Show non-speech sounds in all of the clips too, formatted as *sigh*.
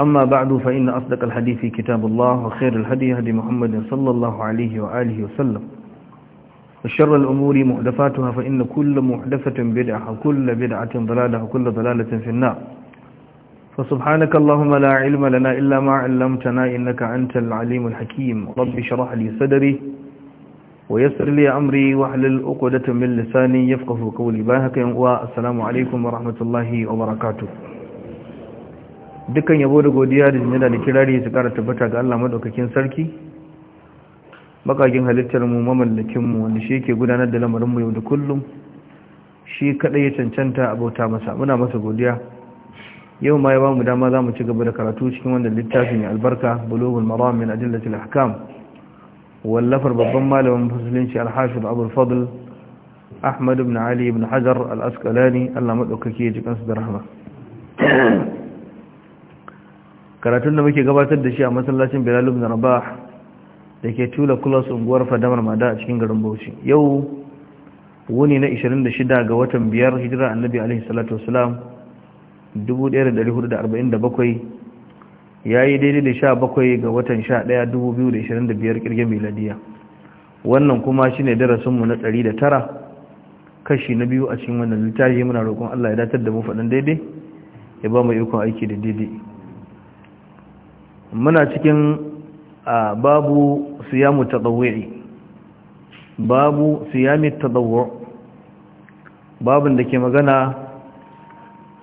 أما بعد فإن أصدق الحديث كتاب الله وخير الهدي هدي محمد صلى الله عليه وآله وسلم وشر الأمور محدثاتها فإن كل محدثة بدعة وكل بدعة ضلالة وكل ضلالة في النار فسبحانك اللهم لا علم لنا إلا ما علمتنا إنك أنت العليم الحكيم رب شرح لي صدري ويسر لي أمري واحلل أقودة من لساني يفقه قولي باهك والسلام عليكم ورحمة الله وبركاته dukkan yabo da godiya da jimina da kirari su kara tabbata ga Allah madaukakin sarki bakakin halittar mu mamallakin mu wanda shi yake gudanar da lamarin mu yau da kullum shi kaɗai ya cancanta a bauta masa muna masa godiya yau ma ya ba mu dama za mu ci gaba da karatu cikin wanda littafin albarka bulughul maram min adillatil ahkam wallafar babban malamin musulunci al da abul fadl ahmad ibn ali ibn hajar al-asqalani Allah maɗaukaki ya ji kansu da rahama karatun da muke gabatar da shi a masallacin bilal ibn rabah da ke tula kulas unguwar fadamar mada a cikin garin bauchi yau wuni na 26 ga watan biyar hijira annabi alaihi salatu wasalam 1447 ya yi daidai da sha bakwai ga watan 11 2025 dubu miladiya wannan kuma shi ne darasinmu na 109 da tara kashi na biyu a cikin wannan littafi muna roƙon allah ya datar da mu faɗin daidai ya ba mu ikon aiki da daidai muna cikin babu siyamu tadawwi babu siyami tadawwu babin da ke magana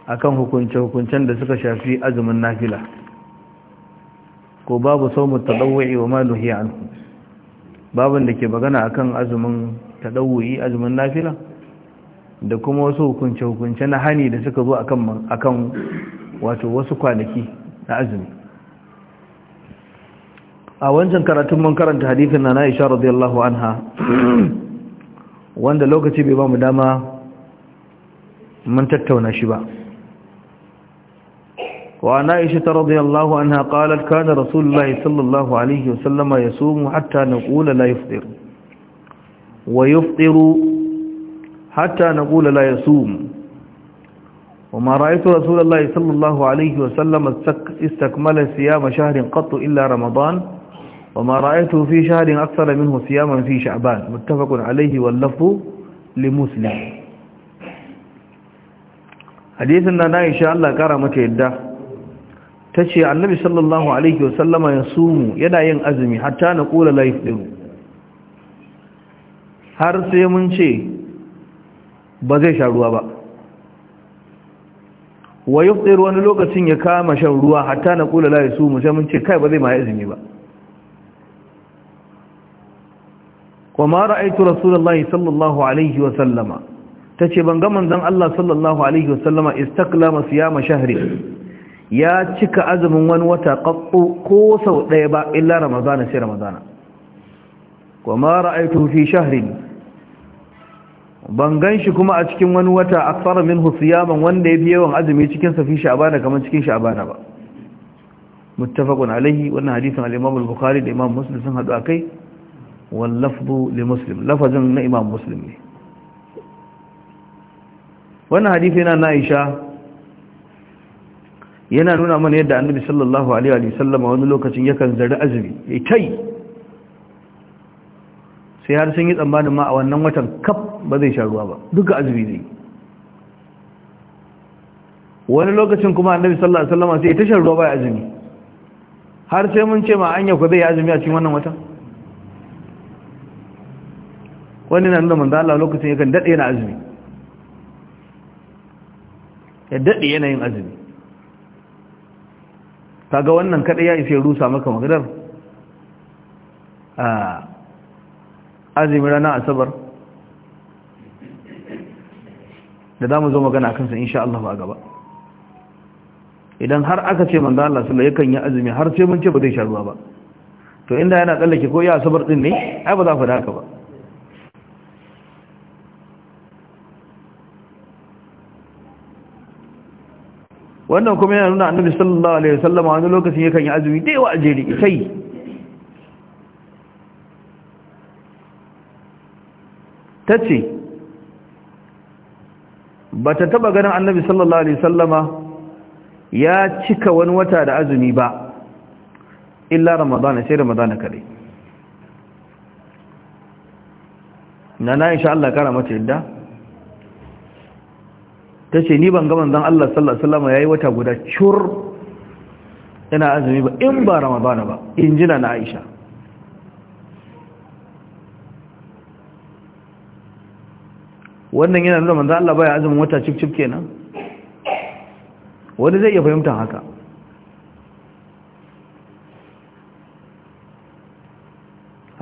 akan hukunce-hukuncen da suka shafi azumin nafila ko babu saumu tadawwi wa maluhi an anhu babin da ke magana akan azumin tadawwi azumin nafila da kuma wasu hukunce-hukunce na hani da suka zo akan wato wasu kwanaki na azumi a wancan karatun mun karanta hadisin na Aisha radiyallahu anha wanda lokaci bai ba mu dama mun tattauna shi ba wa Aisha radiyallahu anha qalat kana Rasulullah sallallahu alaihi wasallam yasumu hatta naqul la yafṭir wa yafṭiru hatta naqul la yasum وما رأيت رسول الله صلى الله عليه وسلم استكمل صيام شهر قط إلا رمضان وما رأيته في شهر أكثر منه سياما في شعبان متفق عليه واللف لمسلم حديثنا إن شاء الله كرمك يده تشي النبي صلى الله عليه وسلم يصوم يدا ينأزمي حتى نقول لا يفضل har sai mun ce ba zai sha ruwa ba wa yufdir wani lokacin ya kama shan ruwa hatta na kula la yasumu sai mun ce kai ba zai ma azumi ba wa ma ra'aytu rasulullahi sallallahu alaihi wa sallama tace ban ga manzon Allah sallallahu alaihi wa sallama istaklama siyama shahri ya cika azumin wani wata qattu ko sau daya ba illa ramadana sai ramadana wa ma ra'aytu fi shahrin ban ganshi kuma a cikin wani wata aksara minhu siyaman wanda yafi yawan azumi cikin sa fi sha'bana kaman cikin sha'bana ba muttafaqun Alayhi, wannan hadisin al-Imam al-Bukhari da Imam Muslim sun hadu akai wallafzu li muslim lafazin na imam muslim ne wannan hadisi yana na Aisha yana nuna mana yadda annabi sallallahu alaihi wa sallam wani lokacin yakan zari azumi ya kai sai har sun yi tsammanin ma a wannan watan kaf ba zai sha ruwa ba duka azumi zai wani lokacin kuma annabi sallallahu alaihi wa sallam sai ya tashar ruwa ba azumi har sai mun ce ma anya ku zai azumi a cikin wannan watan wani na nuna manzan Allah lokacin yakan dade yana azumi ya daɗe yana yin azumi kaga wannan kaɗai ya ishe rusa maka maganar a azumi rana asabar da za mu zo magana a kansa insha Allah a gaba idan har aka ce manzan Allah sallallahu yakan yi azumi har sai mun ce ba zai sharuwa ba to inda yana tsallake ko ya asabar ɗin ne ai ba za ku da haka ba wannan kuma yana nuna annabi sallallahu alaihi wasallam wani lokacin yakan yi azumi da yawa a jeri sai tace bata taba ganin annabi sallallahu alaihi wasallama ya cika wani wata da azumi ba illa ramadana sai ramadana kare na na insha Allah kara mata yadda ta ce ni ban ga manzon Allah sallallahu alaihi wasallam yayi wata guda cur ina azumi ba in ba ramadana ba in jina na Aisha wannan yana nuna manzon Allah baya azumin wata cif cif kenan wani zai iya fahimtar haka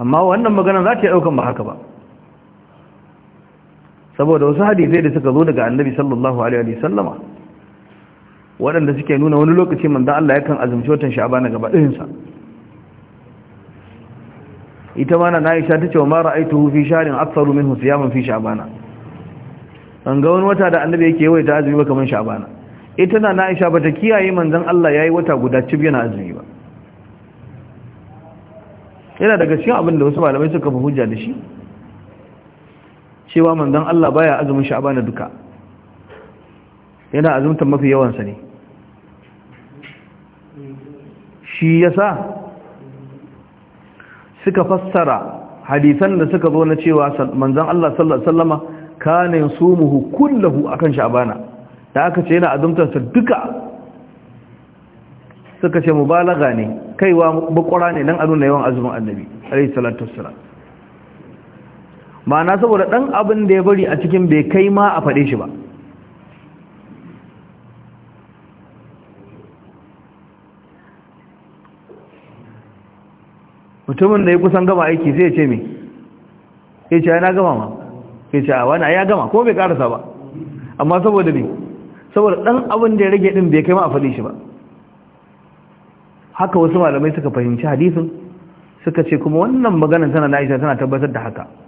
amma wannan magana za ta yi daukan ba haka ba saboda wasu hadisai da suka zo daga annabi sallallahu alaihi wa sallama waɗanda suke nuna wani lokaci manzo Allah yakan azumci watan sha'ban gaba ɗayan sa ita ma na Aisha tace ma ra'aituhu fi sharin aktharu minhu siyaman fi sha'bana an ga wani wata da annabi yake yawaita azumi ba kaman sha'bana ita na Aisha bata kiyaye manzon Allah yayi wata guda cib yana azumi ba yana daga cikin abin da wasu malamai suka fi hujja da shi cewa manzon Allah baya azumin na duka yana azumta mafi yawansa ne shi yasa suka fassara hadisan da suka zo na cewa manzon Allah sallallahu alaihi wasallama kana yusumuhu kullahu akan sha'bana da aka ce yana azumtansa sa duka suka ce mubalaga ne kaiwa bakwara ne dan a yawan azumin annabi alaihi salatu wassalam ma'ana saboda ɗan abin da ya bari a cikin bai kai ma a faɗe shi ba mutumin da ya kusan gama aiki zai ce me ya ce yana gama ma ya ce a wani ya gama ko bai karasa ba amma saboda ne saboda ɗan abin da ya rage ɗin bai kai ma a faɗi shi ba haka wasu malamai suka fahimci hadisin suka ce kuma wannan maganar tana na aisha tana tabbatar da haka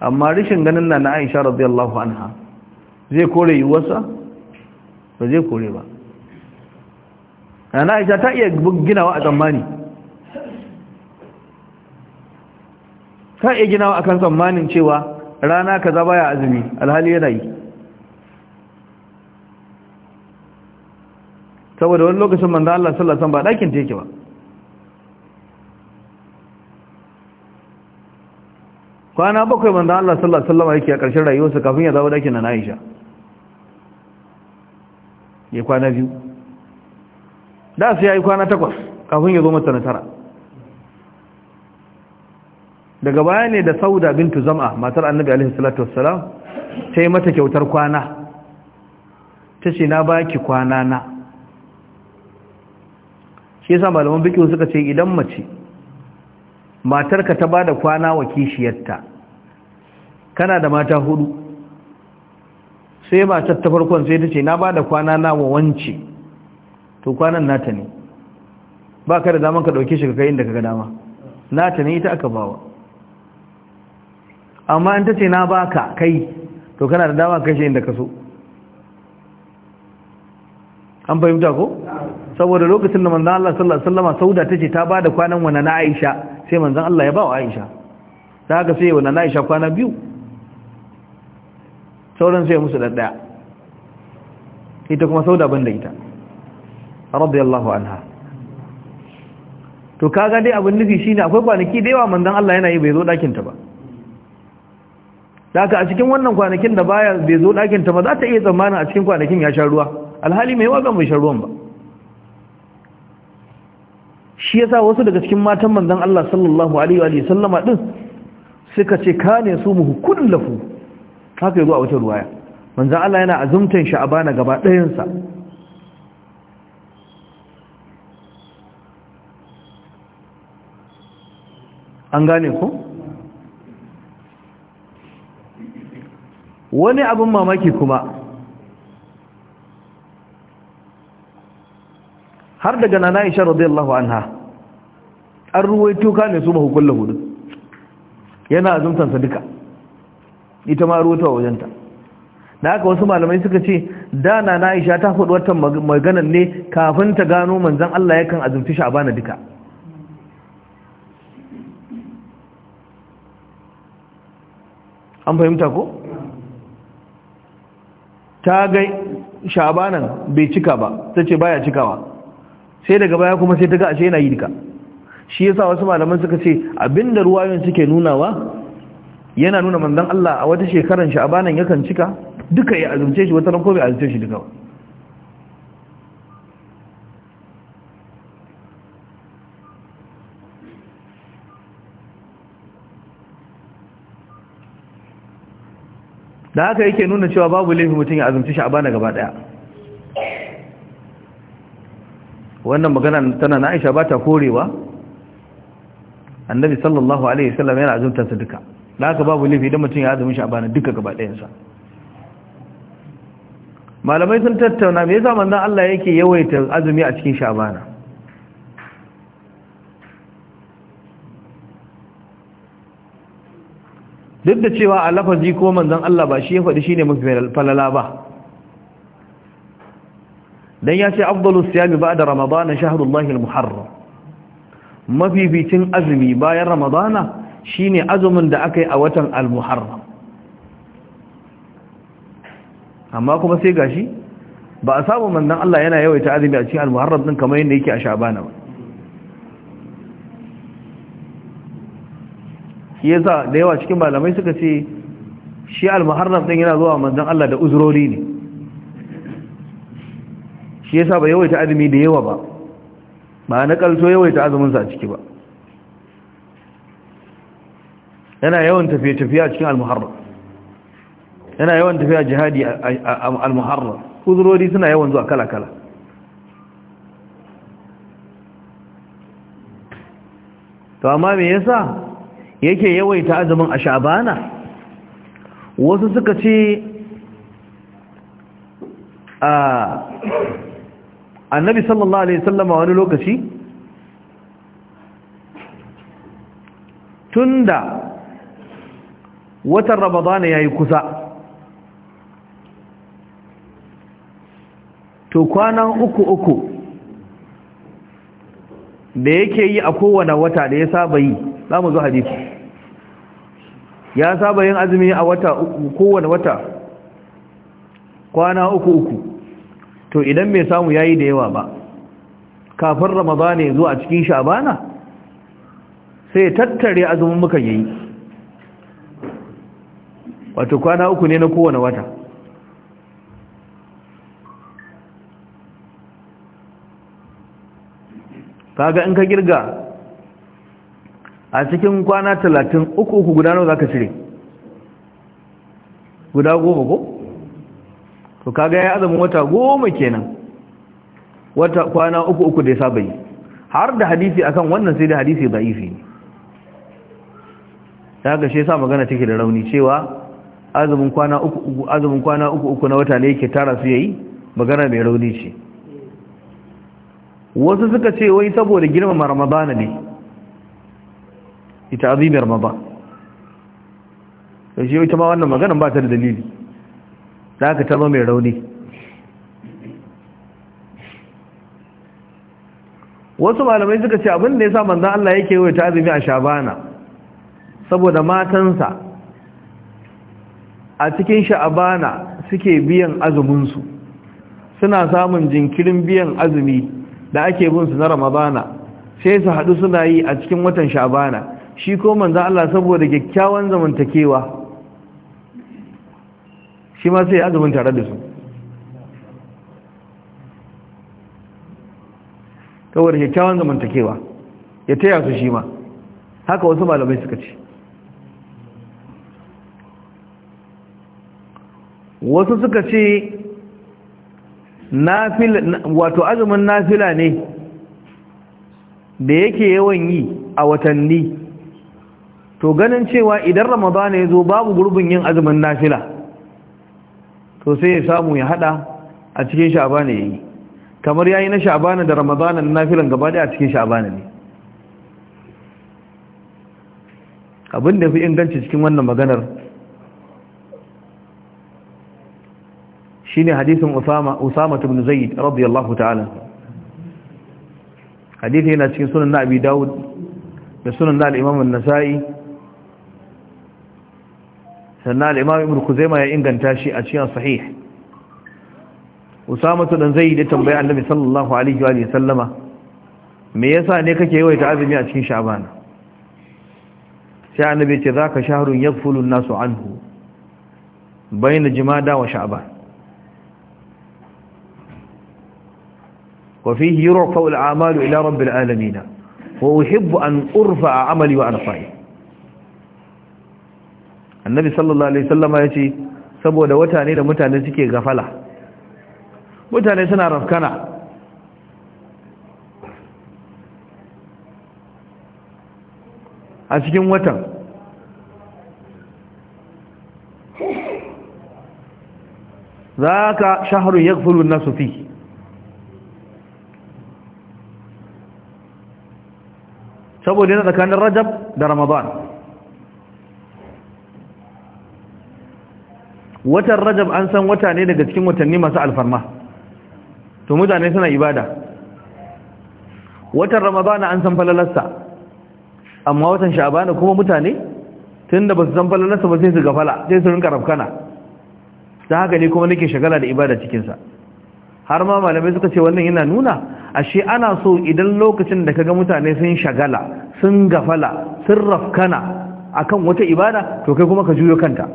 amma rashin ganin na na aisha radiyallahu anha zai kore yiwuwarsa ba zai kore ba na aisha ta iya ginawa a tsammani ta iya ginawa a kan tsammanin cewa rana kaza baya azumi alhali yana yi saboda wani lokacin manzo Allah sallallahu alaihi wasallam ba dakin take ba kwana bakwai manzo Allah sallallahu alaihi wasallam yake a ƙarshen rayuwarsa kafin ya dawo dakin na Aisha ya kwana biyu da sai yayi kwana takwas kafin ya zo mata na tara daga baya ne da Sauda bintu Zam'a matar Annabi alaihi salatu wassalam ta yi mata kyautar kwana ta ce na baki kwana na shi yasa malaman bikin suka ce idan mace matarka ta bada kwana wa kishiyarta kana da mata hudu sai matar ta farkon sai ta ce na bada kwana na wa wance to kwanan nata ne ba ka da daman ka dauke shi ka kai inda ka ga dama nata ne ita aka bawa amma in ta ce na baka kai to kana da dama kai shi inda ka so an fahimta ko saboda lokacin da manzon Allah sallallahu alaihi wasallam sauda tace ta bada kwanan wa na Aisha sai manzan Allah ya ba wa Aisha ta haka sai wannan Aisha kwana biyu sauran sai musu da daya. ita kuma sauda da ita radiyallahu anha to kaga dai abin nufi shine akwai kwanaki da yawa manzan Allah yana yi bai zo dakin ta ba haka a cikin wannan kwanakin da baya bai zo dakin ta ba za ta iya tsammanin a cikin kwanakin ya sha ruwa alhali mai ga mai sha ruwan ba shi yasa wasu daga cikin matan manzon Allah sallallahu alaihi wa sallama din suka ce kane su mu lafu haka yazo a wata ruwaya manzon Allah yana azumtan sha'abana gaba ɗayan sa an gane ku wani abin mamaki kuma har daga nana Aisha radiyallahu anha an ruwaito ka ne su ba hukulla hudu yana zumtansa duka ita ma ruwaito wajenta da aka wasu malamai suka ce da nana Aisha ta faɗi wata maganar ne kafin ta gano manzan Allah yakan azumci bana duka an fahimta ko ta ga shabanan bai cika ba ta ce baya cikawa sai daga baya kuma sai ta ga ashe yana yi duka shi yasa wasu malaman suka ce abinda ruwayoyin suke nunawa yana nuna manzon Allah a wata shekaran shi abanan yakan cika duka ya azumce shi wata ran ko bai azumce shi duka da haka yake nuna cewa babu laifi mutum ya azumci sha'abana gaba daya wannan magana tana na aisha ba ta korewa annabi sallallahu alaihi wasallam yana azumta su duka da haka babu laifi idan mutum ya azumin shi a bana duka gaba ɗayan sa malamai sun tattauna me yasa manzon Allah yake yawaita azumi a cikin shabana duk da cewa a lafazi ko manzon Allah ba shi ya faɗi shine mafi falala ba dan ya ce afdalus siyami ba'da ramadana shahrullahi Mafi mafificin azumi bayan ramadana shine azumin da aka yi a watan Al al-muharram amma kuma sai gashi ba a samu Mandan Allah yana yawaita azumi a cikin Al al-muharram din kamar yadda yake a shabana ba yasa da yawa cikin malamai suka ce shi Al muharram din yana zuwa Mandan Allah da uzurori ne shi yasa ba yawaita azumi da yawa ba ba na kalso yawaita azuminsa a ciki ba yana yawan tafiye-tafiye a cikin muharram yana yawan tafiya jihadi a al-muharram uzurori suna yawan zuwa kala-kala to amma me yasa yake yawaita azumin a shabana wasu suka ce a annabi sallallahu alaihi wasallama wani lokaci tunda watan ramadana yayi kusa to kwanan uku uku da yake yi a kowane wata da ya saba yi za mu zo hadisi ya saba yin azumi a wata kowane wata kwana uku uku to idan mai samu yayi da yawa ba kafin ramadana ya zo a cikin shabana sai ya tattare azumin muka yayi wato kwana uku ne na kowane wata kaga in ka girga a cikin kwana talatin uku uku guda nawa za ka cire guda goma ko? to kaga ya azumin wata goma kenan wata kwana uku uku da ya saba yi har da hadisi akan wannan sai da hadisi da'ifi ne. ga shi yasa magana take da rauni cewa azumin kwana uku uku azumin kwana uku uku na wata ne yake tara su yayi magana mai rauni ce wasu suka ce wai saboda girmama ramadana ne ita azumin ramadana to shi ita ma wannan magana ba ta da dalili Za ka taba mai rauni wasu malamai suka ce abin da ya sa manzan Allah yake yi ta azumi a shabana saboda matansa a cikin sha'abana suke biyan azuminsu suna samun jinkirin biyan azumi da ake bin su na Ramabana, sai su haɗu suna yi a cikin watan sha'abana shi ko manzan Allah saboda kyakkyawan zamantakewa shi ma sai azumin tare da su kawai da kyakkyawan zamantakewa ya taya su shi ma haka wasu malamai suka ce wasu suka ce wato azumin nafila ne da yake yawan yi a watanni to ganin cewa idan ramadana ya zo babu gurbin yin azumin nafila to sai ya samu ya hada a cikin sha'abana yayi kamar yayi na sha'abana da ramadana na nafilan gaba da a cikin sha'abana ne abin da fi inganci cikin wannan maganar shine hadisin Usama Usama ibn Zaid radiyallahu ta'ala hadisi yana cikin sunan Abi Dawud da sunan al-Imam an-Nasa'i sannan al'imam ibn kuzaima ya inganta shi a cikin sahih usama dan zai yi da tambaya annabi sallallahu alaihi wa sallama me yasa ne kake yawaita azumi a cikin sha'ban sai annabi ce zaka shahrun yaghfulu an-nasu anhu Baina jumada wa sha'ban wa fihi yurfa'u al-a'malu ila rabbil alamin wa uhibbu an a amali wa arfa'i annabi sallallahu alaihi sallama ya ce saboda wata ne da mutane suke gafala mutane suna rafkana a cikin watan za ka shaharun ya fulu na sufi saboda yana tsakanin rajab da ramadan watan rajab an san wata ne daga cikin watanni masu alfarma to mutane suna ibada watan ramadana an san falalarsa amma watan sha'abana kuma mutane tunda ba su san falalarsa ba sai su gafala sai su rinka rafkana ta haka ne kuma nake shagala da ibada cikinsa har ma malamai suka ce wannan yana nuna ashe ana so idan lokacin da kaga mutane sun shagala sun gafala sun rafkana akan wata ibada to kai kuma ka juyo kanta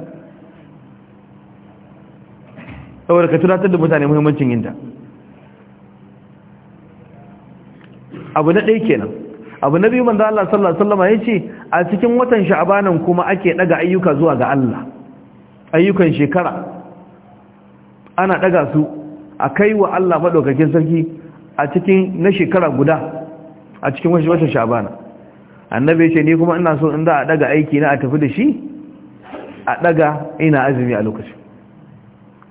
saboda ka tunatar da mutane muhimmancin yinta abu na ɗaya kenan abu na biyu manzo Allah sallallahu alaihi wasallam yace a cikin watan sha'banan kuma ake daga ayyuka zuwa ga Allah ayyukan shekara ana daga su a kai wa Allah madaukakin sarki a cikin na shekara guda a cikin watan sha'bana annabi yace ni kuma ina so in da a daga aiki na a tafi da shi a daga ina azumi a lokacin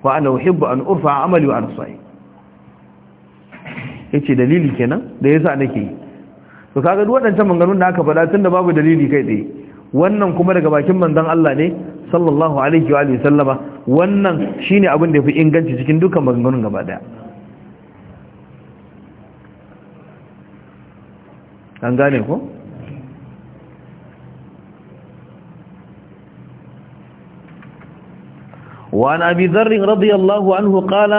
wa ana uhibbu an urfa amali wa arsai yace dalili kenan da yasa nake yi to kaga duk wadannan maganganun da aka faɗa tunda babu dalili kai dai wannan kuma daga bakin manzon Allah ne sallallahu alaihi wa alihi sallama wannan shine abin da yafi inganci cikin dukkan maganganun gaba daya an gane ko وعن أبي ذر رضي الله عنه قال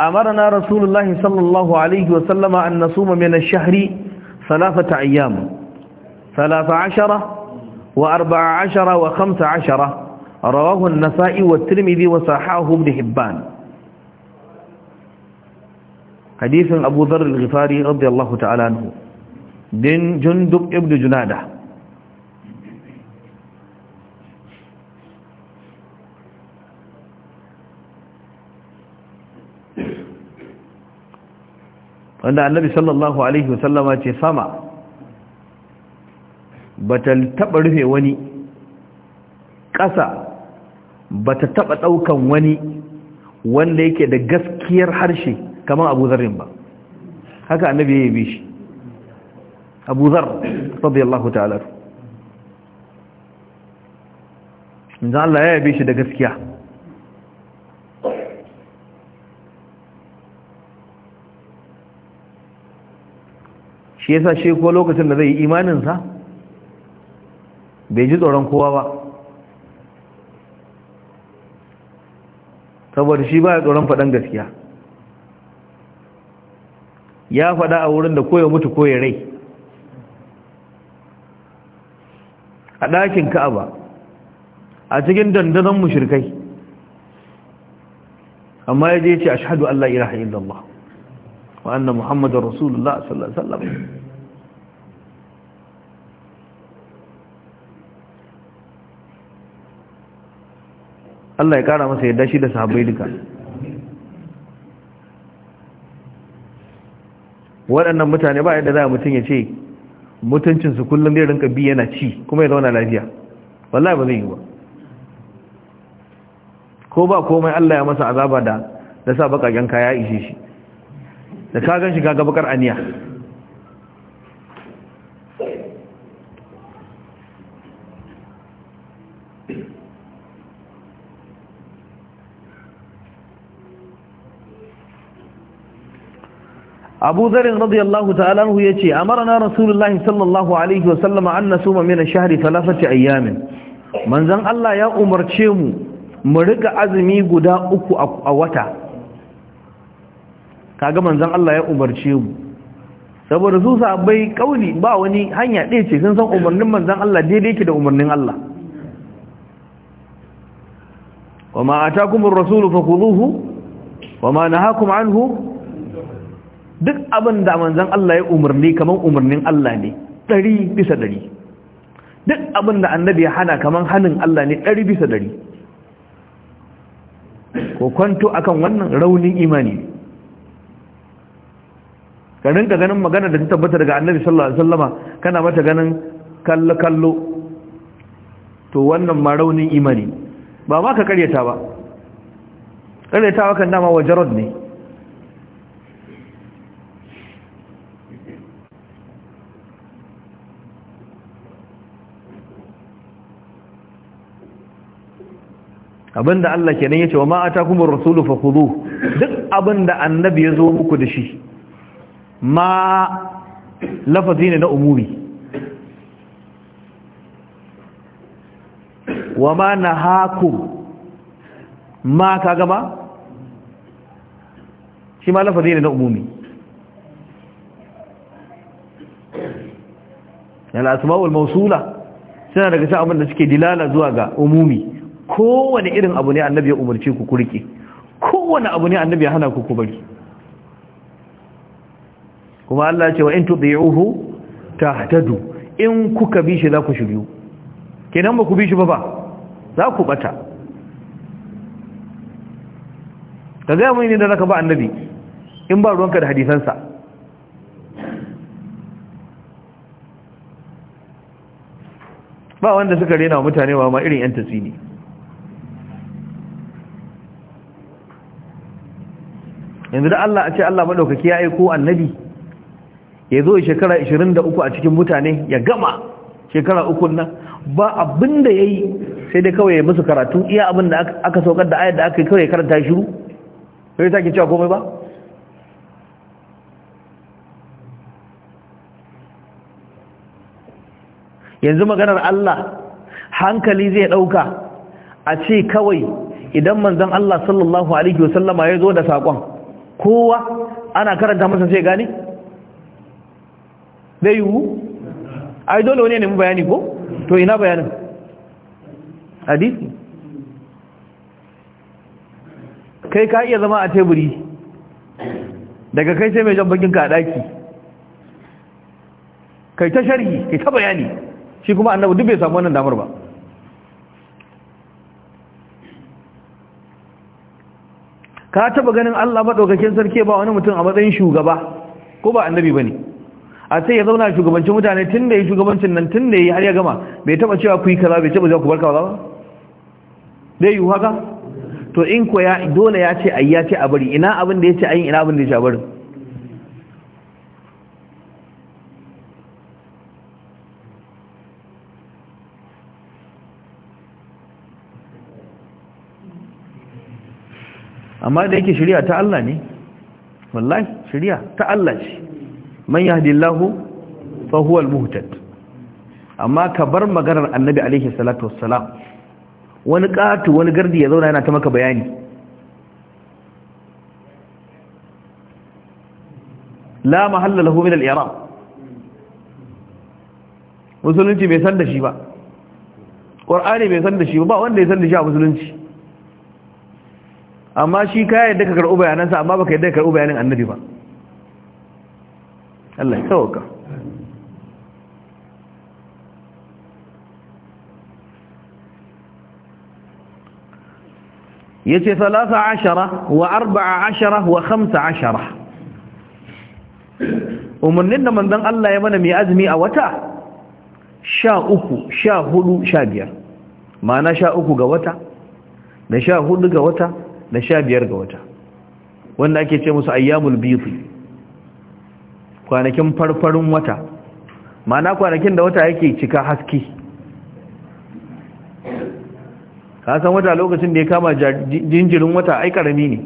أمرنا رسول الله صلى الله عليه وسلم أن نصوم من الشهر ثلاثة أيام ثلاث عشرة وأربع عشرة وخمس عشرة رواه النسائي والترمذي وصححه ابن حبان حديث أبو ذر الغفاري رضي الله تعالى عنه بن جندب ابن جناده wanda annabi sallallahu alaihi wasallama ce sama bata taba rufe wani ƙasa bata taba ɗaukan wani wanda yake da gaskiyar harshe kamar Abu Zarrin ba haka annabi ya yi shi Abu Zar radiyallahu ta'ala in Allah ya yabe shi da gaskiya shi yasa shi ko lokacin da zai yi imaninsa bai ji tsoron kowa ba saboda shi ba ya tsoron faɗan gaskiya ya faɗa a wurin da koya mutu koya rai a ɗakin ka'aba a cikin dandazon mushrikai. amma ya je ce a shahadu Allah ilaha illallah wa anna muhammadar rasulullah sallallahu alaihi wasallam Allah ya kara masa yadda shi da sahabbai duka waɗannan mutane ba yadda za a mutum ya ce mutuncinsu kullum zai rinka bi yana ci kuma ya zauna lafiya wallahi ba zai yi ba ko ba komai Allah ya masa azaba da da sa bakaken kaya ishe shi da ka gan shi kaga bakar aniya abu zarin radiyallahu ta'ala ce a na rasulullahi sallallahu alaihi wasallama an nasuma min ash-shahri thalathati ayyamin Manzan Allah ya umarce mu mu riga azumi guda uku a wata kaga manzan Allah ya umarce mu saboda su sabai kauli ba wani hanya ɗaya ce sun san umarnin manzan Allah daidai ke da umarnin Allah وما آتاكم الرسول wa وما nahakum anhu duk abin da manzan Allah ya umarni kamar umarnin Allah ne ɗari bisa ɗari duk abin da annabi ya hana kamar hannun Allah ne ɗari bisa ɗari ko kwanto akan wannan raunin imani ka rinka ganin magana da ta tabbata daga annabi sallallahu alaihi wasallama kana mata ganin kallo kallo to wannan ma raunin imani ba ma ka karyata ba karyatawa kan dama wajarod ne abinda Allah kenan yace wa ma kuma rasulu fakhuduh duk abinda annabi yazo muku da shi ma lafazi ne na umuri wa ma nahakum ma ka gama shi ma lafazi ne na umumi yana asma'ul mawsula suna daga cikin abinda suke dilala zuwa ga umumi kowane irin abu ne annabi ya umarci ku kurke kowane abu ne annabi ya hana ku ku bari kuma Allah ce wa in tudi'uhu tahtadu in kuka bi shi za ku shiryu kenan ba ku bi shi ba ba za ku bata ka gaya mun ne da zaka ba annabi in ba ruwanka da hadisansa ba wanda suka rena wa mutane wa ma irin yan tasiri yanzu da Allah a ce Allah maɗaukaki ya aiko annabi ya zo shekara 23 a cikin mutane ya gama shekara uku nan ba abin da yi sai dai kawai ya musu karatu iya abin da aka saukar da ayar da aka kawai karanta shiru sai ta ke cewa komai ba yanzu maganar Allah hankali zai ɗauka a ce kawai idan manzan Allah sallallahu alaihi wasallama ya zo da saƙon. kowa ana karanta masa sai gane zai yiwu ai dole wani ne mu bayani ko to ina bayanin hadisi kai ka iya zama a teburi daga kai sai mai jan bakin ka a daki kai ta sharhi kai ta bayani shi kuma annabi duk bai samu wannan damar ba ka taba ganin Allah madaukakin sarki ba wani mutum a matsayin shugaba ko ba annabi bane a sai ya zauna shugabancin mutane tun da ya shugabancin nan tun da ya har ya gama bai taba cewa ku yi kaza bai taba cewa ku bar kaza ba dai yi haka to in ko ya dole ya ce ayi ya ce a bari ina abin da ya ce ina abin da ya ce a bari amma da yake shari'a ta Allah ne wallahi shari'a ta Allah ce man yahdillahu fa huwa al-muhtad amma ka bar maganar annabi alaihi salatu wassalam wani katu wani gardi ya zauna yana ta maka bayani la mahalla lahu min al-i'rab musulunci bai san da shi ba qur'ani bai san da shi ba wanda ya san da shi a musulunci amma shi ka yadda ka karɓi bayanansa amma ba ka yadda ka karɓi bayanin annabi ba Allah ya sauka yace 13 wa 14 wa 15 umarnin da manzon Allah ya mana mai azumi a wata 13 14 15 ma'ana 13 ga wata da 14 ga wata Na sha biyar ga wata wanda ake ce musu ayyamul biyu kwanakin farfarin wata ma'ana kwanakin da wata yake cika haske kasan wata lokacin da ya kama jinjirin wata ai karami ne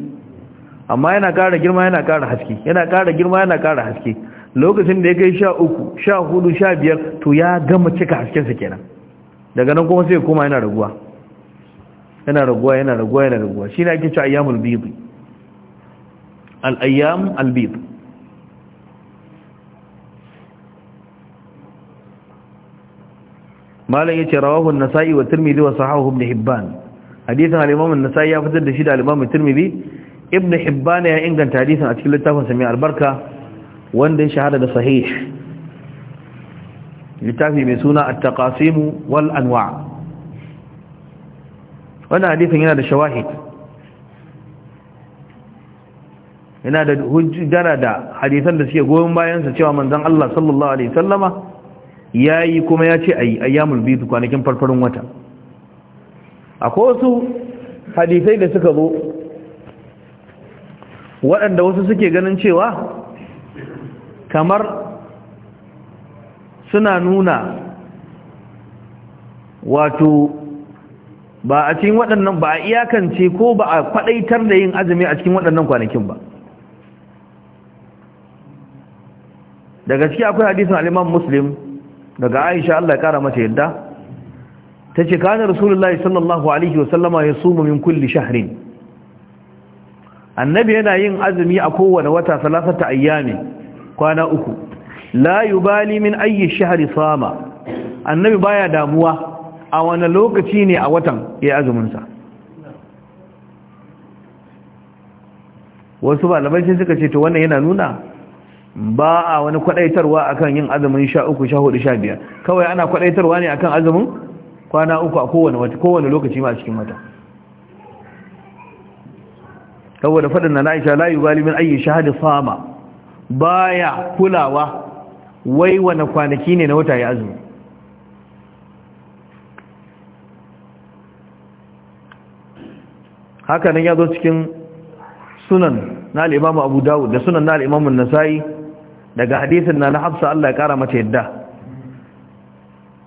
amma yana kara girma yana kara haske yana kara girma yana kara haske lokacin da ya kai sha uku sha hudu sha biyar to ya gama cika haskensa kenan daga nan kuma sai kuma yana raguwa yana raguwa yana raguwa yana raguwa shi ne ake ci ayyamul bid al ayyam al bid malam yace rawahu an-nasa'i wa tirmidhi wa sahahu ibn hibban hadithan al-imam an-nasa'i ya fitar da shi da al-imam tirmidhi ibn hibban ya inganta hadisin a cikin littafin sami albarka wanda ya shahada da sahih littafi mai suna at-taqasim wal anwa' wannan hadisin yana da shawahid yana da hujjara da hadisan da suke goyon bayan sa cewa manzon Allah sallallahu alaihi sallama ya kuma ya ce ayi ayyamul bidu kwanakin farfarin wata akwai wasu hadisai da suka zo waɗanda wasu suke ganin cewa kamar suna nuna wato ba a cikin waɗannan ba a iyakance ko ba a kwaɗaitar da yin azumi a cikin waɗannan kwanakin ba daga ciki akwai hadisin aliman muslim daga aisha Allah ya kara mata yadda ta ce kanar rasulullahi sallallahu alaihi wasallama ya suma min kulli shahrin annabi yana yin azumi a kowane wata salasata ayyami kwana uku la yubali min ayyi shahri sama annabi baya damuwa a wani lokaci ne a watan ya azuminsa wasu malamai sai suka ce to wannan yana nuna ba a wani kwadaitarwa akan yin azumin sha uku sha hudu sha biyar kawai ana kwadaitarwa ne akan azumin kwana uku a kowane wata kowane lokaci ma cikin wata saboda faɗin na na'isha layu galibin ayyi shahadi sama baya kulawa wai wani kwanaki ne na wata ya azumi haka nan ya zo cikin sunan na al abu dawud da sunan na al-imam nasai daga hadisin na na hafsa Allah ya kara mata yadda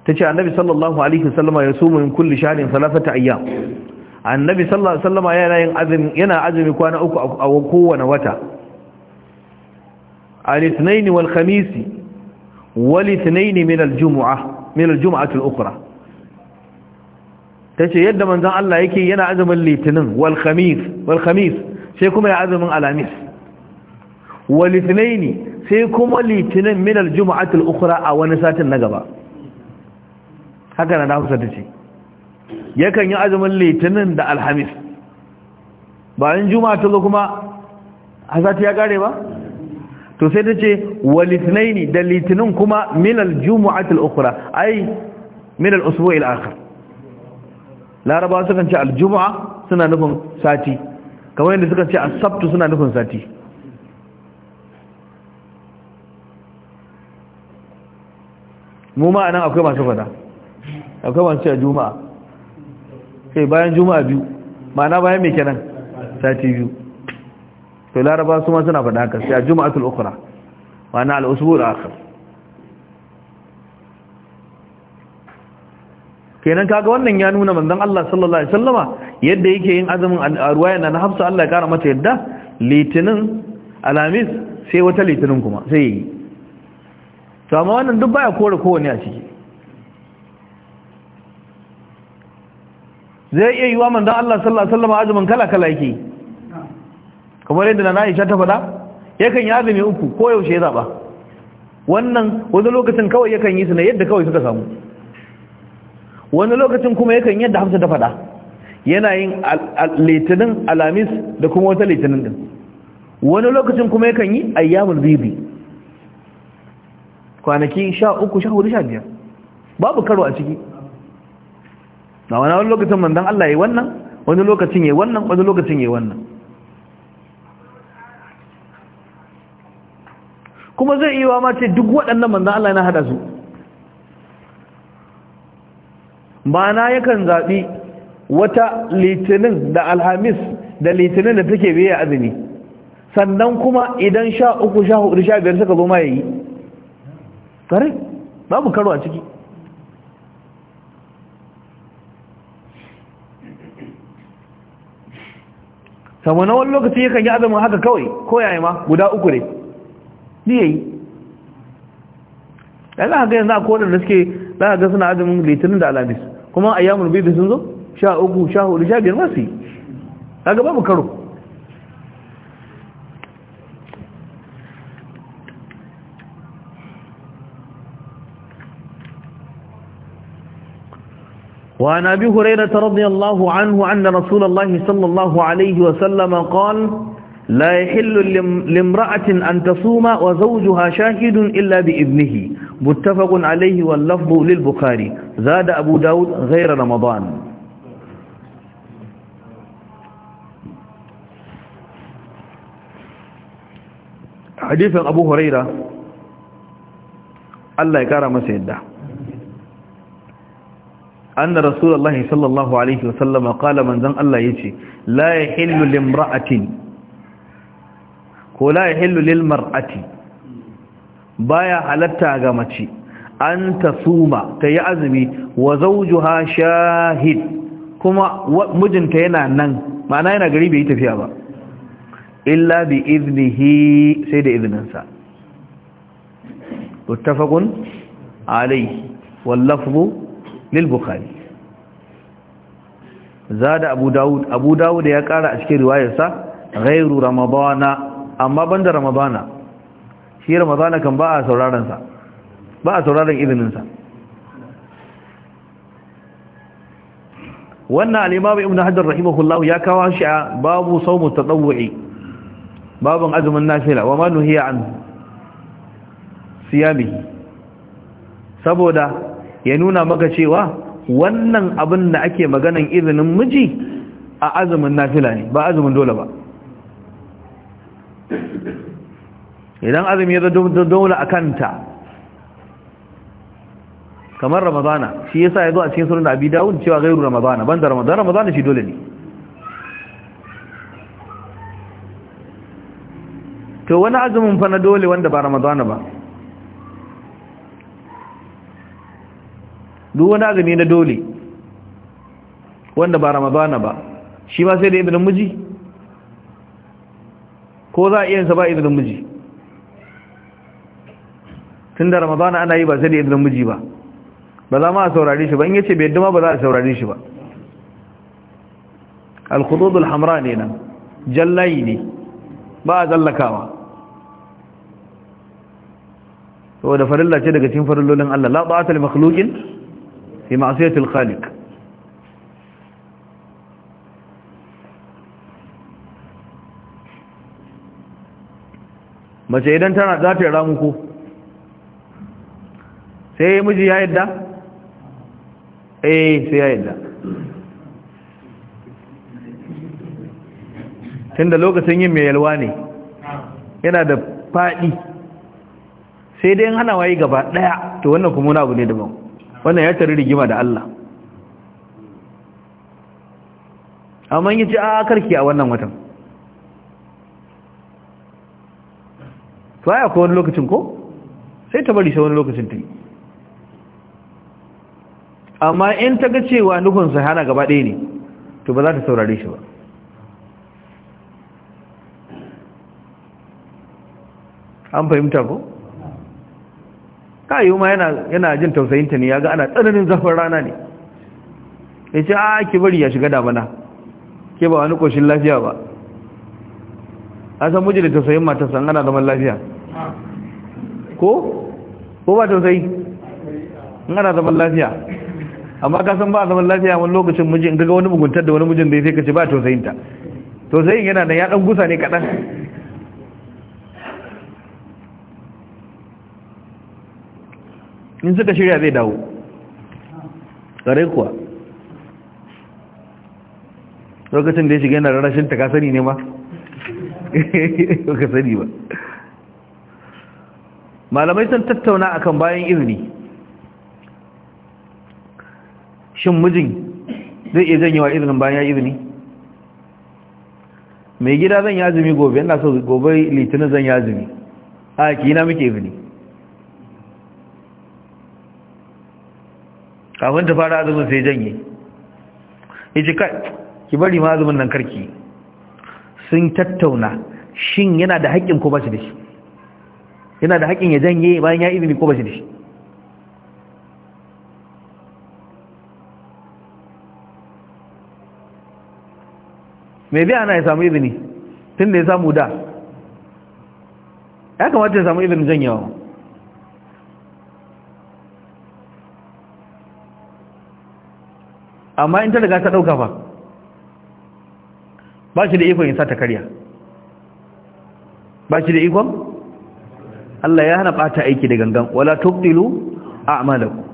Ta ce annabi sallallahu alaihi sallama ya sumu min kulli shahrin thalathata ayyam annabi sallallahu alaihi wasallama yana azumi yana azumi kwana uku a kowane wata al-ithnain wal khamis wal ithnain min al-jum'ah min al-jum'ah ta ce yadda manzan Allah yake yana azumin litinin wal sai kuma ya azumin alamis wal sai kuma litinin min al jumu'atul ukhra a wani satin na gaba haka na Hausa ce. yakan yi azumin litinin da alhamis bayan juma'a ta zo kuma azati ya kare ba to sai ta ce litinaini da litinin kuma min al jumu'atul ukhra ai min al usbu' al akhir laraba sukan ce aljuma suna nufin sati kamar yadda sukan ce asabtu suna nufin sati mu ma anan akwai masu fada akwai masu cewa juma'a sai eh, bayan juma'a biyu ma'ana bayan mai kenan sati biyu to laraba su ma suna fada haka sai a juma'a tul'ukura ma'ana al'usubu da akar kenan kaga wannan ya nuna manzon Allah sallallahu alaihi wasallama yadda yake yin azumin ruwaya na Hafsa Allah ya kara mata yadda litinin alamis sai wata litinin kuma sai yi to amma wannan duk baya kore kowane a ciki zai iya yi wa manzon Allah sallallahu alaihi wasallama azumin kala kala yake kamar yadda na Aisha ta faɗa yakan yi azumi uku ko yaushe ya zaba wannan wani lokacin kawai yakan yi su ne yadda kawai suka samu wani lokacin kuma yakan yadda hafsa ta faɗa yana yin litinin alamis da kuma wata litinin din wani lokacin kuma yakan yi ayyamul bibi kwanaki sha uku sha hudu sha biyar babu karo a ciki na wani wani lokacin mandan Allah ya wannan wani lokacin ya wannan wani lokacin ya wannan kuma zai iya wa ma ce duk waɗannan mandan Allah yana hada su mana yakan zaɓi wata litinin da alhamis da litinin da take biya azumi sannan kuma idan sha uku sha hudu sha biyar suka zo ma yayi kare babu karo a ciki sama na wani lokaci yakan yi azumin haka kawai ko yayi ma guda uku ne ni yayi yanzu haka yanzu a kodin da suke za a ga suna azumin litinin da alhamis kuma ayyamul bid sun zo sha uku sha hudu sha biyar masu kaga babu karo وعن أبي هريرة رضي الله عنه أن رسول الله صلى الله عليه وسلم قال لا يحل لامرأة أن تصوم وزوجها شاهد إلا بإذنه متفق عليه واللفظ للبخاري زاد أبو داود غير رمضان حديث أبو هريرة الله يكرم سيده أن رسول الله صلى الله عليه وسلم قال من ذن الله يجي لا يحل لامرأة ولا يحل للمرأة بايا حلتا غمتي an tasuma ta yi azumi wa ha shahid kuma mijinta yana nan ma'ana yana gari bai yi tafiya ba illa bi iznihi sai da izininsa muttafaqun alai wallafu lil za da abu daud abu daud ya kara a cikin riwayarsa gairu ramadana amma banda ramadana shi ramadana kan ba a sauraransa ba a sauraron izininsa wannan al'imamu ibn hajjar rahimahullah ya kawo shi a babu saumu ta ɗauwa'i babin azumin nafila wa manu hiya an siyami saboda ya nuna maka cewa wannan abin da ake maganan izinin miji a azumin nafila ne ba azumin dole ba idan azumi ya zo dole a kanta kamar ramadana shi yasa zo a cikin sunan abi dawud cewa gairu ramadana banda ramadana ramadana shi dole ne to wani azumin fa na dole wanda ba ramadana ba duk wani azumi na dole wanda ba ramadana ba shi ma sai da ibn miji ko za a iya sa ba ibn miji da ramadana ana yi ba sai da ibn miji ba ba za ma a saurari shi ba in ce bai yadda ma ba za a saurari shi ba al-khudud al-hamra ne nan Jallayi ne ba a tsallakawa da farilla ce daga cikin farillolin Allah la ta'ata li makhluqin fi ma'siyati al-khaliq mace idan tana za ramuku. ramu ko sai miji ya yadda eh sai ya yadda tunda lokacin yin mai yalwa ne yana da faɗi sai dai hana wayi gaba ɗaya to wannan kuma wani abu ne daban wannan ya tari rigima da Allah amma yi ci a karki a wannan watan to aya ko wani lokacin ko sai ta bari sai wani lokacin ta yi amma in ta ga cewa nufin hana gaba ɗaya ne to ba za ta saurare shi ba an fahimta ko? kayu ma yana jin tausayinta ne ya ga ana tsananin zafin rana ne ya ce a ki bari ya shiga damana ke ba wani ƙoshin lafiya ba a san miji da tausayin matarsa ana zaman lafiya ko? ko ba tausayi? ana zaman lafiya amma ka san ba zaman lafiya wani lokacin miji in kaga wani muguntar da wani mijin da ya sai ka ce ba tausayin ta tausayin yana da ya dan gusa ne kadan in suka shirya zai dawo tsare kuwa lokacin da ya shiga yana rarrashin ta ka sani ne ma *laughs* ka sani ba malamai sun tattauna akan bayan izini shin mijin zai iya janyewa izinin bayan ya izini mai gida zan ya azumi gobe yana so gobe litinin zan ya azumi a ki na muke izini kafin ta fara azumin sai janye ya ce kai ki bari ma azumin nan karki sun tattauna shin yana da haƙƙin ko ba shi da shi yana da haƙƙin ya janye bayan ya izini ko ba shi da shi mai biya na ya samu izini tun da ya samu da ya kamata ya samu izinin janyawa amma in ta daga ta ɗauka ba ba shi da ikon ya sa ta karya ba shi da ikon Allah ya hana ɓata aiki da gangan wala tubdilu a'malakum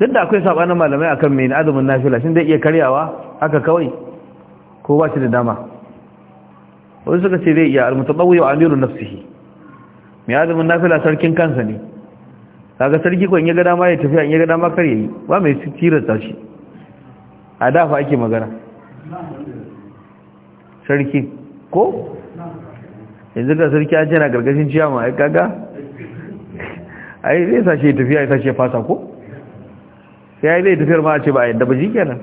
duk da akwai sabanin malamai akan mai azumin nafila shin zai iya karyawa haka kawai ko ba shi da dama wani suka ce zai iya almutabawiyar amiru nafsihi mai azumin nafila sarkin kansa ne kaga sarki ko in ya ga dama ya tafiya in ya ga dama kar yayi ba mai tirar tashi a dafa ake magana sarki ko yanzu ga sarki an ce na gargashin ciyawa ma ai kaga ai zai sashe tafiya ya sashe fasa ko sai zai tafiyar ma ce ba yadda ba ji kenan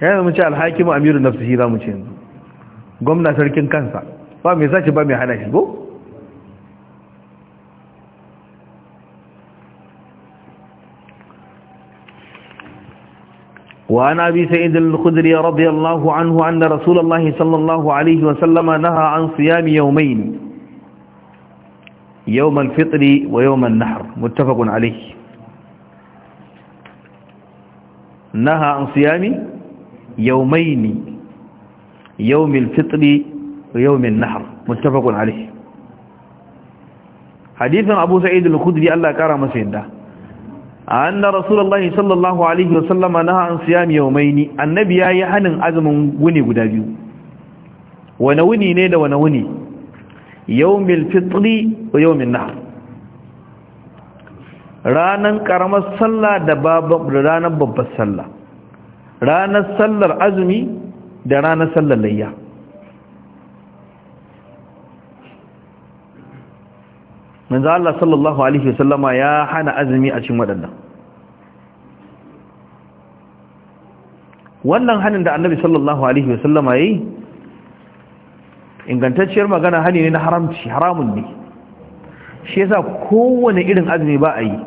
yanzu mu ce alhakimu amiru nafsihi za mu ce yanzu gwamna sarkin kansa ba mai zaci ba mai hana shi ko وعن أبي سعيد الخدري رضي الله عنه أن رسول الله صلى الله عليه وسلم نهى عن صيام يومين يوم الفطر ويوم النحر متفق عليه نهى عن صيام يومين يوم الفطر ويوم النحر متفق عليه حديث أبو سعيد الخدري الله كرم سيدا أن رسول الله صلى الله عليه وسلم نهى عن صيام يومين النبي يا حنن أزمن وني غدا بيو ونوني ne da ونوني yawmil fitri wa yawmin nahr ranan karamar sallah da ranar babbar sallah ranar sallar azumi da ranar sallar layya manzo Allah sallallahu alaihi wasallama ya hana azumi a cikin wadannan wannan hanin da annabi sallallahu alaihi wasallama yayi ingantacciyar magana hani ne na haramci haramun ne shi yasa kowane irin azumi ba a yi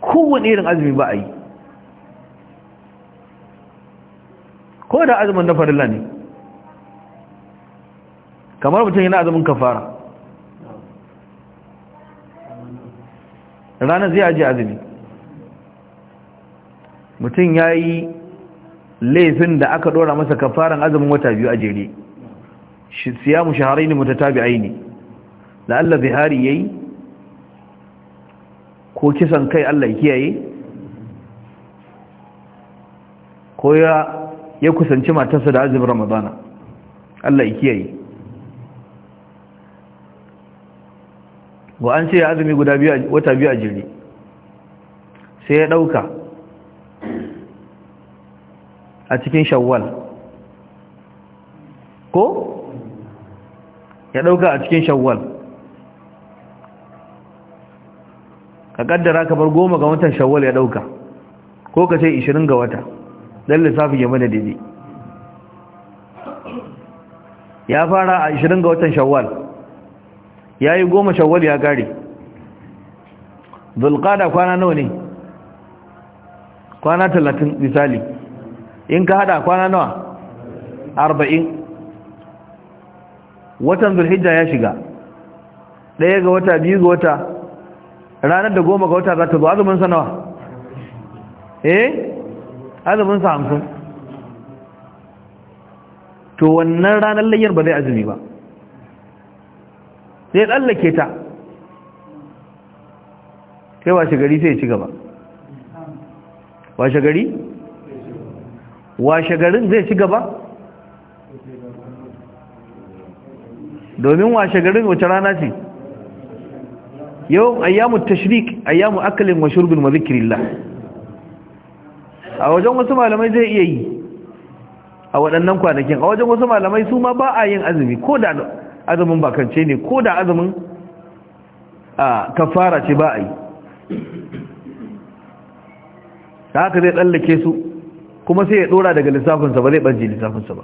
kowane irin azumi ba a yi ko da azumin na farilla ne kamar mutum yana azumin kafara ranar zai aji azumi mutum ya yi laifin da aka dora masa kafaran azumin wata biyu a jere siyamu tabi aini. Da Allah zihari yi? ko kisan kai Allah ya kiyaye ko ya kusanci matarsa da azumin ramadana Allah ya kiyaye wa an ce ya azumi guda wata biyu a jere sai ya ɗauka. a cikin shawwal ko ya ɗauka a cikin shawwal ka ƙaddara ka bar goma ga watan shawwal ya ɗauka ko ka ce 20 ga wata don lissafi ya mana daidai ya fara a 20 ga watan shawwal ya yi goma shawwal ya gare zulƙada kwana nawa ne kwana talatin misali in ka hada kwana nawa arba'in watan zulhijja ya shiga ɗaya ga wata biyu ga wata ranar da goma ga wata za ta zo azumin sa nawa eh azumin sa hamsin to wannan ranar layyar ba zai azumi ba sai tsallake ta Kai washe gari sai ya ci gaba washe gari washe garin zai ci gaba domin washe garin wace rana ce yau ayyamu tashrik ayyamu akalin wa shurbin wa zikrillah a wajen wasu malamai zai iya yi a waɗannan kwanakin a wajen wasu malamai su ma ba a yin azumi ko da azumin bakance ne ko da azumin a kafara ce ba a yi haka zai tsallake su kuma sai ya dora daga lissafinsa ba zai ɓarje lissafinsa ba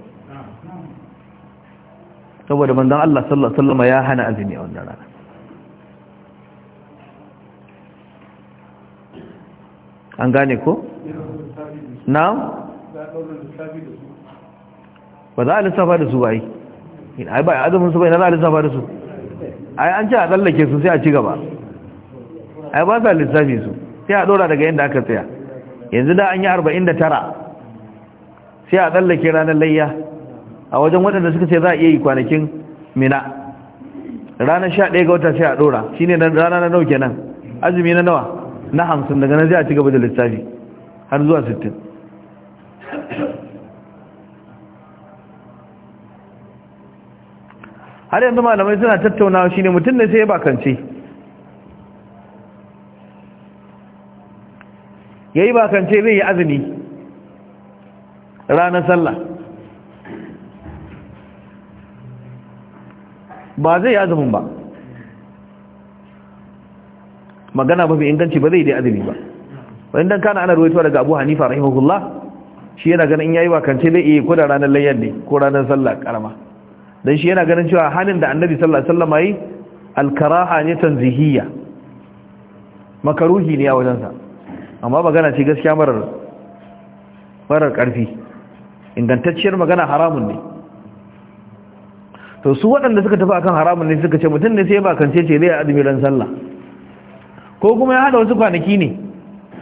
saboda manzan Allah sallallahu alaihi wasallam ya hana azumi a wannan rana an gane ko na ba za a lissafa da su ba yi ai ba azumin su bai na za a lissafa da su ai an ce a tsallake su sai a ci gaba ai ba a lissafi su sai a dora daga yadda aka tsaya yanzu da an yi arba'in da tara sai a tsallake ranar layya a wajen waɗanda suka ce za a iya yi kwanakin mina ranar sha ɗaya ga wata sai a ɗora shi ne rana na nauke nan azumi na nawa na hamsin daga nan zai a ci gaba da lissafi har zuwa sittin har yanzu malamai suna tattaunawa shine mutum ne sai ya bakance yi bakance zai yi azumi ranar sallah ba zai yi azumin ba magana ba mai inganci ba zai yi azumi ba wani don kana ana ruwaitowa daga abu hanifa rahimahullah shi yana ganin yayi bakance da iya kuda ranar layyar ne ko ranar sallah karama don shi yana ganin cewa hannun da annabi sallah sallah wasallam yayi alkaraha ne tanzihiyya makaruhi ne a wajensa amma magana ce gaskiya marar marar karfi ingantacciyar magana haramun ne to su waɗanda suka tafi akan haramun ne suka ce mutum ne sai ba kan ce zai azumi ran sallah ko kuma ya hada wasu kwanaki ne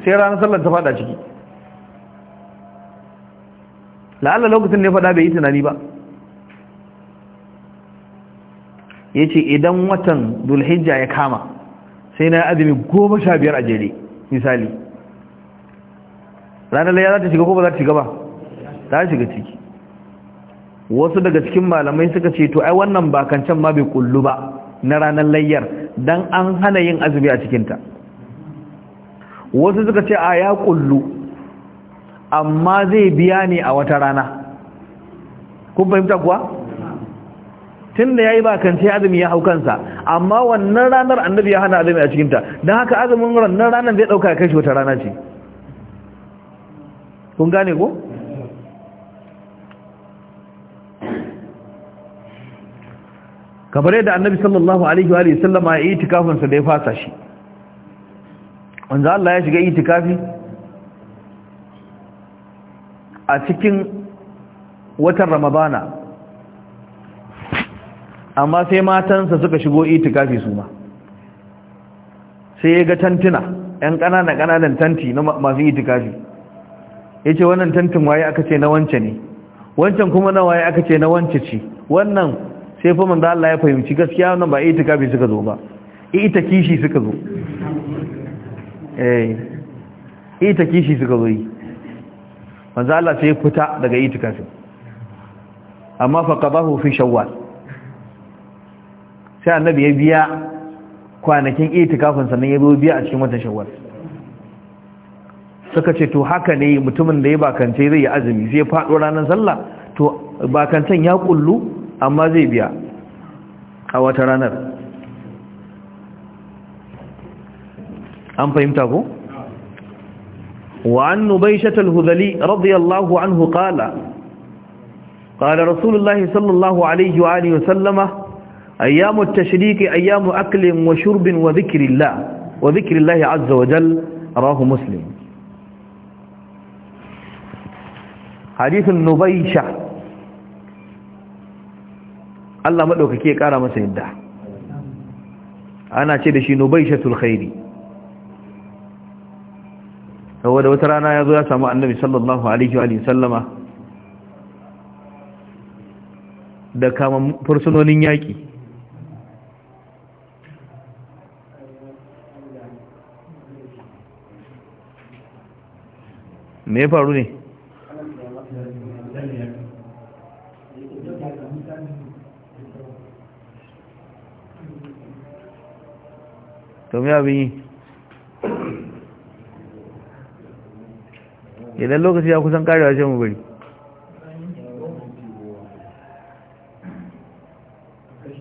sai ranar sallar ta fada ciki la'alla lokacin ne fada bai yi tunani ba ya ce idan watan dulhijja ya kama sai na azumi goma sha biyar a jere misali ranar laya za ta shiga ko ba za ta shiga ba ta shiga ciki wasu daga cikin malamai suka ce to ai wannan ba kancan ma bai kullu ba na ranar layyar dan an hana yin azumi a cikinta wasu suka ce a ya kullu amma zai biya ne a wata rana kun fahimta kuwa tun da ya yi bakance azumi ya hau kansa amma wannan ranar annabi ya hana azumi a cikinta don haka azumin ranar ranar zai ɗauka kai shi wata rana ce kun gane ko? kamar yadda annabi sallallahu alaihi wa sallama ya yi itikafinsa da ya fasa shi wanzu Allah ya shiga itikafi a cikin watan ramadana amma sai matansa suka shigo itikafi su ma sai ya ga tantuna yan ƙananan ƙananan tanti na masu itikafi ya ce wannan tantin waye aka ce na wance ne wancan kuma na waye aka ce na wance ce wannan sai fa manzo Allah ya fahimci gaskiya wannan ba itikafi suka zo ba ita kishi suka zo eh ita kishi suka zo yi manzo Allah sai ya fita daga itikafi amma fa qadahu fi shawwal sai annabi ya biya kwanakin itikafin sannan ya biya a cikin watan shawwal suka ce to haka ne mutumin da ya bakance zai yi azumi sai ya faɗo ranar sallah to bakantan ya kullu amma zai biya a wata ranar an fahimta ko وعن نبيشة الهذلي رضي الله عنه قال قال رسول الله صلى الله عليه وآله وسلم أيام التشريك أيام أكل وشرب وذكر الله وذكر الله عز وجل راه مسلم حديث النبيشة Allah maɗaukaki ya ƙara masa yadda ana ce da shi nubaishatul khairi da wata rana ya zo ya samu annabi sallallahu alaihi wa sallama da kama fursunonin yaƙi me ya faru ne to me abin idan lokaci ya kusan karewa shi mu bari